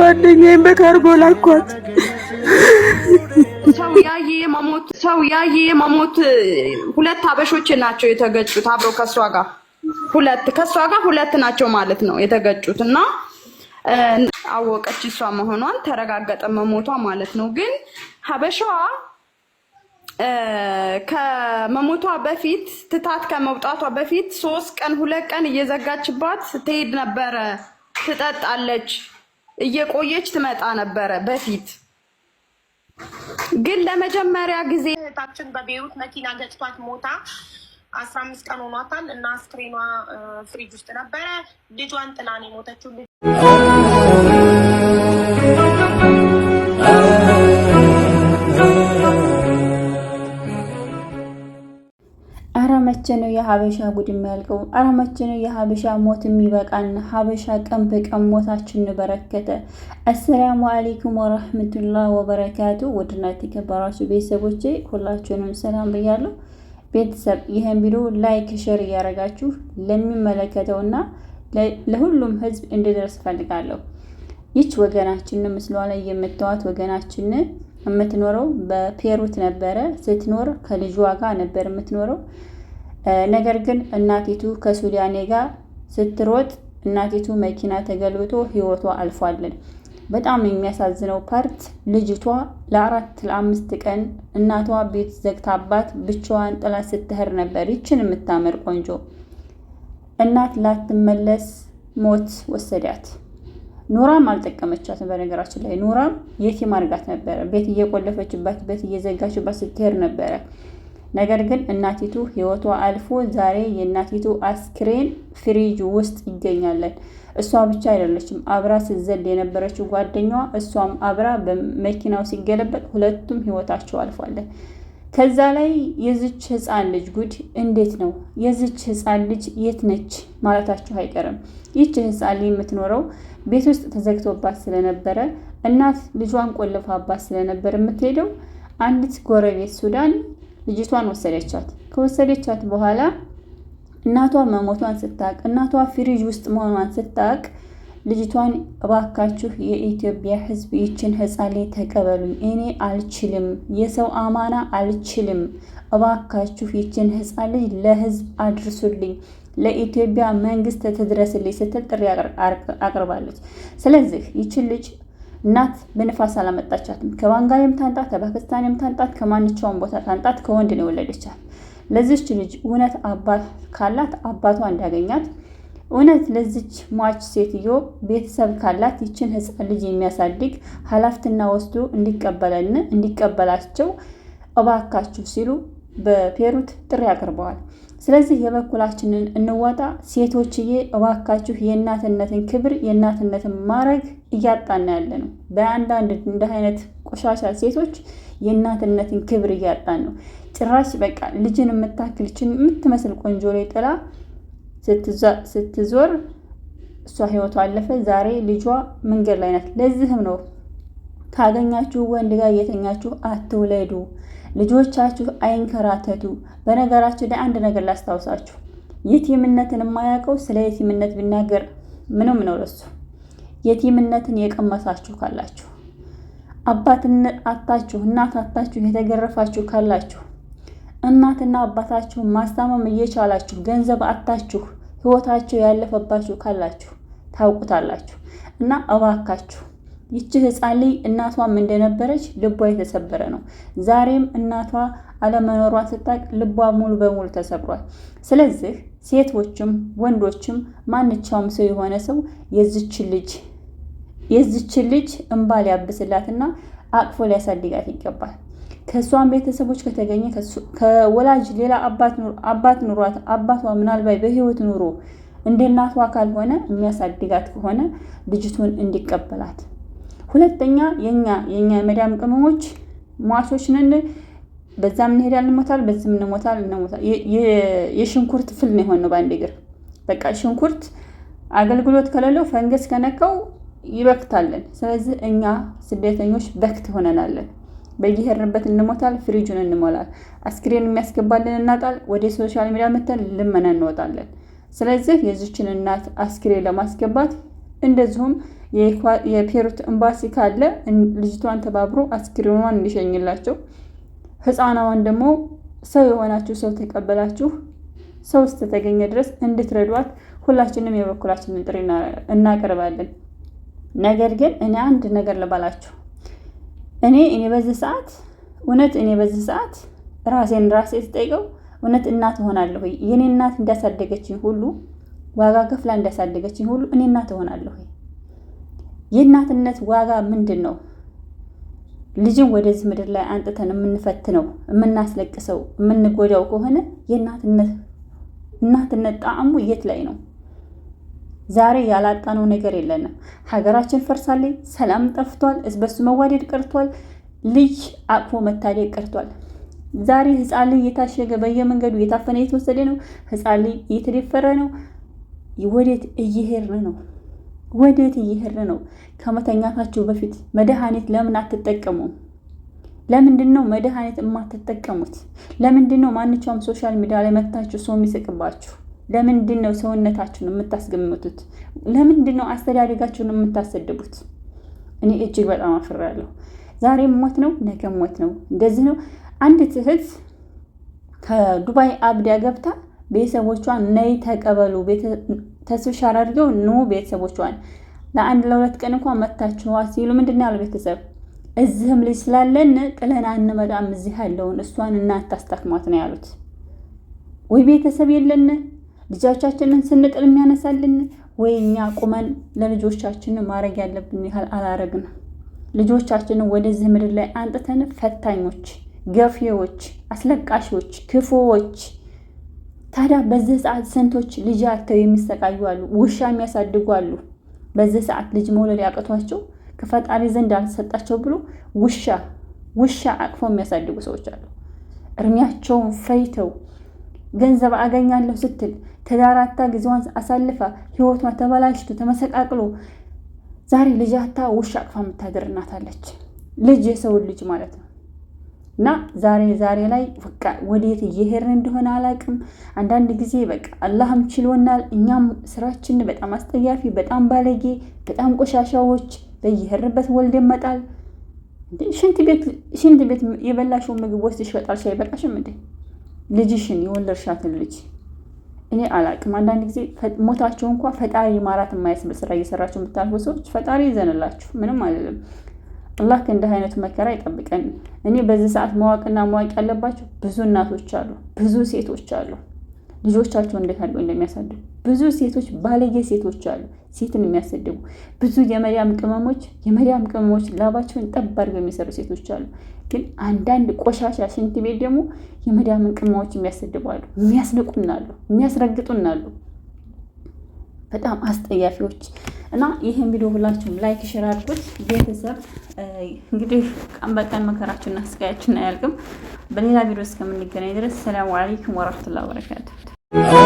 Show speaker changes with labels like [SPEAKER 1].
[SPEAKER 1] ጓደኛዬን በካርጎ ላኳት።
[SPEAKER 2] ሰው ያየ የመሞት ሁለት አበሾች ናቸው የተገጩት አብረው ከእሷ ጋር ሁለት ከእሷ ጋር ሁለት ናቸው ማለት ነው የተገጩት እና አወቀች እሷ መሆኗን ተረጋገጠ መሞቷ ማለት ነው። ግን ሀበሻዋ ከመሞቷ በፊት ትታት ከመውጣቷ በፊት ሶስት ቀን ሁለት ቀን እየዘጋችባት ትሄድ ነበረ። ትጠጣለች እየቆየች ትመጣ ነበረ በፊት ግን ለመጀመሪያ ጊዜ እህታችን በቤሩት መኪና ገጭቷት ሞታ አስራ አምስት ቀን ሆኗታል እና አስክሬኗ ፍሪጅ ውስጥ ነበረ። ልጇን ጥላን የሞተችው
[SPEAKER 3] ነው የሀበሻ ጉድ የሚያልቀው? ኧረ መቼ ነው የሀበሻ ሞት የሚበቃን? ሀበሻ ቀን በቀን ሞታችን በረከተ። አሰላሙ አሌይኩም ወረህመቱላህ ወበረካቱ። ውድና የተከበራችሁ ቤተሰቦቼ ሁላችሁንም ሰላም ብያለሁ። ቤተሰብ ይህን ቪዲዮ ላይክ፣ ሼር እያደረጋችሁ ለሚመለከተውና ለሁሉም ህዝብ እንድደርስ እፈልጋለሁ። ይች ወገናችን ምስሏ ላይ የምታዩት ወገናችን የምትኖረው በፔሩት ነበረ። ስትኖር ከልጇ ጋር ነበር የምትኖረው። ነገር ግን እናቲቱ ከሱዳኔ ጋር ስትሮጥ እናቲቱ መኪና ተገልብጦ ህይወቷ አልፏለን። በጣም የሚያሳዝነው ፓርት ልጅቷ ለአራት ለአምስት ቀን እናቷ ቤት ዘግታባት ብቻዋን ጥላ ስትሄድ ነበር። ይችን የምታምር ቆንጆ እናት ላትመለስ ሞት ወሰዳት። ኑራም አልጠቀመቻትም። በነገራችን ላይ ኑራም የቲም አድርጋት ነበረ። ቤት እየቆለፈችባት፣ ቤት እየዘጋችባት ስትሄድ ነበረ። ነገር ግን እናቲቱ ህይወቷ አልፎ ዛሬ የእናቲቱ አስክሬን ፍሪጅ ውስጥ ይገኛለን። እሷ ብቻ አይደለችም፣ አብራ ስዘል የነበረችው ጓደኛዋ እሷም አብራ በመኪናው ሲገለበጥ ሁለቱም ህይወታቸው አልፏለን። ከዛ ላይ የዝች ህፃን ልጅ ጉድ እንዴት ነው? የዝች ህፃን ልጅ የት ነች ማለታችሁ አይቀርም። ይች ህፃን ልጅ የምትኖረው ቤት ውስጥ ተዘግቶባት ስለነበረ እናት ልጇን ቆልፋባት ስለነበር የምትሄደው አንዲት ጎረቤት ሱዳን ልጅቷን ወሰደቻት። ከወሰደቻት በኋላ እናቷ መሞቷን ስታቅ፣ እናቷ ፍሪጅ ውስጥ መሆኗን ስታቅ ልጅቷን እባካችሁ የኢትዮጵያ ሕዝብ ይችን ህፃን ላይ ተቀበሉኝ፣ እኔ አልችልም፣ የሰው አማና አልችልም፣ እባካችሁ ይችን ህፃን ልጅ ለህዝብ አድርሱልኝ፣ ለኢትዮጵያ መንግስት ትድረስልኝ ስትል ጥሪ አቅርባለች። ስለዚህ ይችን ልጅ እናት በንፋስ አላመጣቻትም። ከዋንጋን የምታንጣት ከፓኪስታን የምታንጣት ከማንቸውም ቦታ ታንጣት ከወንድ ነው የወለደቻት። ለዚች ልጅ እውነት አባት ካላት አባቷ እንዳገኛት፣ እውነት ለዚች ሟች ሴትዮ ቤተሰብ ካላት ይችን ሕፃን ልጅ የሚያሳድግ ኃላፊትና ወስዶ እንዲቀበለን እንዲቀበላቸው እባካችሁ ሲሉ በፔሩት ጥሪ አቅርበዋል። ስለዚህ የበኩላችንን እንወጣ። ሴቶችዬ እባካችሁ የእናትነትን ክብር የእናትነትን ማድረግ እያጣና ያለ ነው። በአንዳንድ እንደ አይነት ቆሻሻ ሴቶች የእናትነትን ክብር እያጣን ነው። ጭራሽ በቃ ልጅን የምታክልችን የምትመስል ቆንጆ ላይ ጥላ ስትዞር እሷ ህይወቷ አለፈ። ዛሬ ልጇ መንገድ ላይ ናት። ለዚህም ነው ካገኛችሁ ወንድ ጋር እየተኛችሁ አትውለዱ። ልጆቻችሁ አይንከራተቱ። በነገራችሁ ላይ አንድ ነገር ላስታውሳችሁ፣ የቲምነትን የማያውቀው ስለ የቲምነት ቢናገር ምንም ነው ለሱ። የቲምነትን የቀመሳችሁ ካላችሁ፣ አባትነት አታችሁ፣ እናት አታችሁ፣ የተገረፋችሁ ካላችሁ፣ እናትና አባታችሁን ማስታመም እየቻላችሁ ገንዘብ አታችሁ፣ ህይወታቸው ያለፈባችሁ ካላችሁ ታውቁታላችሁ እና እባካችሁ ይቺ ህፃን ልጅ እናቷም እንደነበረች ልቧ የተሰበረ ነው። ዛሬም እናቷ አለመኖሯ ስታቅ ልቧ ሙሉ በሙሉ ተሰብሯል። ስለዚህ ሴቶችም ወንዶችም ማንቻውም ሰው የሆነ ሰው የዝችን ልጅ የዝችን ልጅ እንባ ሊያብስላትና አቅፎ ሊያሳድጋት ይገባል። ከእሷን ቤተሰቦች ከተገኘ ከወላጅ ሌላ አባት ኑሯት አባቷ ምናልባት በህይወት ኑሮ እንደ እናቷ ካልሆነ የሚያሳድጋት ከሆነ ልጅቱን እንዲቀበላት ሁለተኛ የኛ የኛ የመዳም ቅመሞች ሟቾች ነን። በዛም እንሄዳለን እንሞታል፣ በዚህም እንሞታል እንሞታል። የሽንኩርት ፍል ነው የሆነው በአንድ እግር። በቃ ሽንኩርት አገልግሎት ከሌለው ፈንገስ ከነካው ይበክታለን። ስለዚህ እኛ ስደተኞች በክት ሆነናለን። በየሄድንበት እንሞታል፣ ፍሪጁን እንሞላል፣ አስክሬን የሚያስገባልን እናጣል። ወደ ሶሻል ሚዲያ መተን ልመና እንወጣለን። ስለዚህ የዚችን እናት አስክሬን ለማስገባት እንደዚሁም የፔሩት ኤምባሲ ካለ ልጅቷን ተባብሮ አስክሬኗን እንዲሸኝላቸው፣ ህፃናዋን ደግሞ ሰው የሆናችሁ ሰው ተቀበላችሁ ሰው እስከተገኘ ድረስ እንድትረዷት ሁላችንም የበኩላችንን ጥሪ እናቀርባለን። ነገር ግን እኔ አንድ ነገር ልባላችሁ። እኔ እኔ በዚህ ሰዓት እውነት እኔ በዚህ ሰዓት ራሴን ራሴ ስጠይቀው እውነት እናት እሆናለሁ ወይ የኔ እናት እንዳሳደገችኝ ሁሉ ዋጋ ከፍላ እንዳሳደገችኝ ሁሉ እኔ እናት እሆናለሁ። የእናትነት ዋጋ ምንድን ነው? ልጅን ወደዚህ ምድር ላይ አንጥተን የምንፈትነው የምናስለቅሰው፣ የምንጎዳው ከሆነ የእናትነት እናትነት ጣዕሙ የት ላይ ነው? ዛሬ ያላጣነው ነገር የለንም። ሀገራችን ፈርሳለች፣ ሰላም ጠፍቷል፣ እዝበሱ መዋደድ ቀርቷል፣ ልጅ አቅፎ መታደግ ቀርቷል። ዛሬ ህፃን ልጅ እየታሸገ በየመንገዱ እየታፈነ እየተወሰደ ነው። ህፃን ልጅ እየተደፈረ ነው። ወዴት እየሄድን ነው? ወዴት እየሄድን ነው? ከመተኛታችሁ በፊት መድኃኒት ለምን አትጠቀሙም? ለምንድን ነው መድኃኒት የማትጠቀሙት? ለምንድን ነው ሶሻል ሚዲያ ላይ መታችሁ ሰው የሚስቅባችሁ? ለምንድን ነው ሰውነታችሁን የምታስገምቱት? ለምንድን ነው አስተዳደጋችሁን የምታሰድቡት? እኔ እጅግ በጣም አፍራለሁ። ዛሬም ሞት ነው፣ ነገም ሞት ነው። እንደዚህ ነው። አንዲት እህት ከዱባይ አብዳ ገብታ ቤተሰቦቿን ነይ ተቀበሉ ተስብሽ አድርገው ኑ ቤተሰቦቿን ለአንድ ለሁለት ቀን እንኳ መታችኋ ሲሉ ምንድን ያሉ ቤተሰብ እዚህም ልጅ ስላለን ጥለን አንመጣም፣ እዚህ ያለውን እሷን እናታስታክማት ነው ያሉት። ወይ ቤተሰብ የለን ልጆቻችንን ስንጥል የሚያነሳልን፣ ወይ እኛ ቁመን ለልጆቻችን ማድረግ ያለብን ያህል አላረግን። ልጆቻችንን ወደዚህ ምድር ላይ አንጥተን ፈታኞች፣ ገፊዎች፣ አስለቃሾች፣ ክፉዎች ታዲያ በዚህ ሰዓት ስንቶች ልጅ አተው የሚሰቃዩ አሉ፣ ውሻ የሚያሳድጉ አሉ። በዚህ ሰዓት ልጅ መውለድ ያቅቷቸው ከፈጣሪ ዘንድ አልሰጣቸው ብሎ ውሻ ውሻ አቅፎ የሚያሳድጉ ሰዎች አሉ። እድሜያቸውን ፈይተው ገንዘብ አገኛለሁ ስትል ተዳራታ ጊዜዋን አሳልፋ ህይወቷ ተበላሽቶ ተመሰቃቅሎ ዛሬ ልጃታ ውሻ አቅፋ የምታድር እናታለች ልጅ የሰውን ልጅ ማለት ነው እና ዛሬ ዛሬ ላይ በቃ ወዴት እየሄድን እንደሆነ አላውቅም። አንዳንድ ጊዜ በቃ አላህም ችሎናል፣ እኛም ስራችን በጣም አስጠያፊ፣ በጣም ባለጌ፣ በጣም ቆሻሻዎች በየሄድንበት ወልድ መጣል። ሽንት ቤት የበላሽውን ምግብ ወስደሽ ይሸጣልሽ አይበቃሽም እንዴ? ልጅሽን የወለድሻትን ልጅ እኔ አላቅም። አንዳንድ ጊዜ ሞታቸው እንኳ ፈጣሪ ማራት የማያስብል ስራ እየሰራቸው የምታልፈው ሰዎች ፈጣሪ ይዘንላችሁ፣ ምንም አይደለም። አላህ ከእንዲህ አይነት መከራ ይጠብቀን። እኔ በዚህ ሰዓት ማወቅና ማወቅ ያለባቸው ብዙ እናቶች አሉ፣ ብዙ ሴቶች አሉ። ልጆቻቸው እንዴት አድርገው እንደሚያሳድጉ ብዙ ሴቶች፣ ባለጌ ሴቶች አሉ፣ ሴትን የሚያሰድቡ ብዙ የመሪያም ቅመሞች የመሪያም ቅመሞች ላባቸውን ጠብ አድርገው የሚሰሩ ሴቶች አሉ። ግን አንዳንድ ቆሻሻ ሽንት ቤት ደግሞ የመዳምን ቅመሞች የሚያሰድቡ አሉ፣ የሚያስረግጡናሉ። በጣም አስጠያፊዎች እና ይህን ቪዲዮ ሁላችሁም ላይክ ሼር አድርጉት። ቤተሰብ እንግዲህ ቀን በቀን መከራችሁና ስቃያችሁን አያልቅም። በሌላ ቪዲዮ እስከምንገናኝ ድረስ ሰላም አለይኩም ወራህመቱላሂ ወበረካቱ።